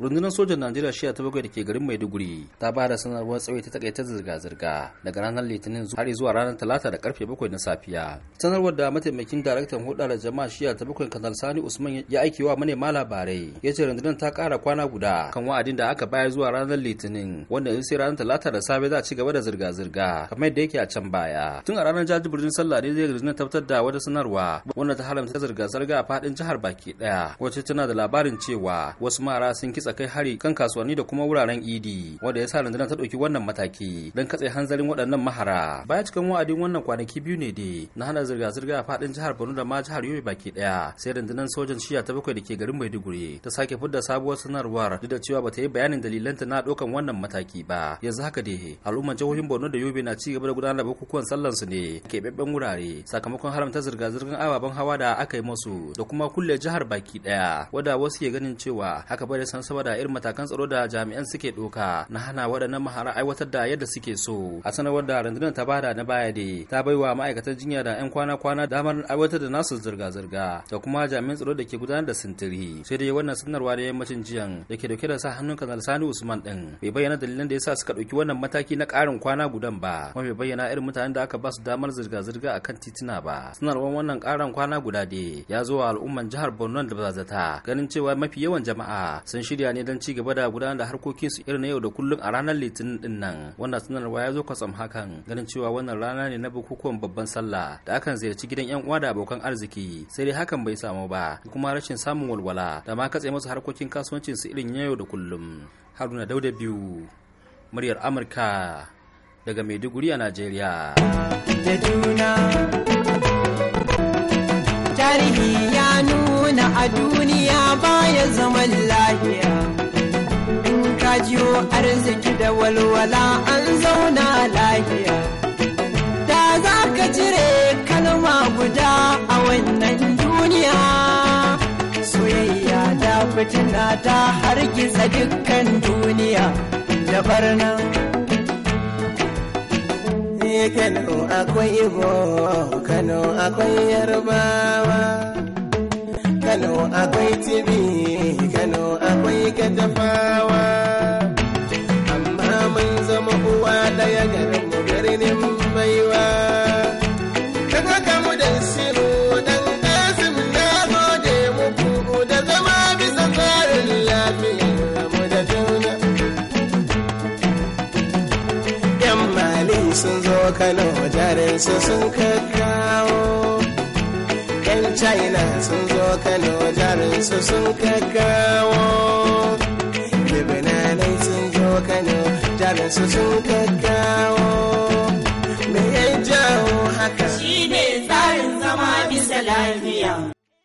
rundunar sojan najeriya shiya ta bakwai da ke garin maiduguri ta ba da sanarwar tsawai ta takaita zirga-zirga daga ranar litinin har zuwa ranar talata da karfe bakwai na safiya sanarwar da mataimakin daraktan hudu da jama'a shiya ta bakwai kanal sani usman ya aiki wa manema labarai ya ce rundunar ta kara kwana guda kan wa'adin da aka bayar zuwa ranar litinin wanda in sai ranar talata da safe za a ci gaba da zirga-zirga kamar yadda yake a can baya tun a ranar birnin sallah ne zai rundunar tabbatar da wata sanarwa wanda ta haramta zirga-zirga a faɗin jihar baki ɗaya wacce tana da labarin cewa wasu mara sun kitsa kitsa kai hari kan kasuwanni da kuma wuraren idi wanda ya sa rundunar ta ɗauki wannan mataki don katse hanzarin waɗannan mahara baya cikin wa'adin wannan kwanaki biyu ne dai na hana zirga-zirga a faɗin jihar borno da ma jihar yobe baki ɗaya sai rundunar sojan shiya ta bakwai da ke garin maiduguri ta sake fidda sabuwar sanarwar duk da cewa bata yi bayanin dalilanta na ɗaukan wannan mataki ba yanzu haka dai Al'ummar jihohin borno da yobe na ci gaba da gudanar da bukukuwan sallan su ne keɓaɓɓen wurare sakamakon haramta zirga-zirgar ababen hawa da aka yi musu da kuma kulle jihar baki ɗaya wadda wasu ke ganin cewa haka bai da san da irin matakan tsaro da jami'an suke doka na hana waɗannan mahara aiwatar da yadda suke so a sanarwar da rundunar ta bada na baya da ta bai wa ma'aikatan jinya da 'yan kwana-kwana damar aiwatar da nasu zirga-zirga da kuma jami'an tsaro da ke gudanar da sintiri sai dai wannan sanarwa da yammacin jiyan da ke dauke da sa hannun kanar sani usman din bai bayyana dalilan da yasa suka ɗauki wannan mataki na ƙarin kwana gudan ba kuma bai bayyana irin mutanen da aka ba su damar zirga-zirga kan titina ba sanarwar wannan ƙarin kwana guda dai ya zo wa al'umman jihar borno da bazata ganin cewa mafi yawan jama'a sun shirya Najeriya ne don ci gaba da gudanar da harkokinsu irin na yau da kullum a ranar litinin din nan wannan sanarwa ya zo kwatsam hakan ganin cewa wannan rana ne na bukukuwan babban sallah da akan ziyarci gidan yan uwa da abokan arziki sai dai hakan bai samu ba kuma rashin samun walwala da ma katse musu harkokin kasuwancin su irin yau da kullum haruna dauda biyu muryar amurka daga maiduguri a najeriya tarihi ya nuna a duniya baya zaman lafiya jiyo arziki da walwala an zauna lafiya da za ka cire kalma guda a wannan duniya soyayya da fitina ta hargiza dukkan duniya da barna Kano akwai Igbo, Kano akwai Yarbawa, Kano akwai Tibi, Kano sun zo kano jarinsu sun kakkawo yan china sun zo kano jarinsu sun kakkawo lebananai sun zo kano jarinsu sun kakkawo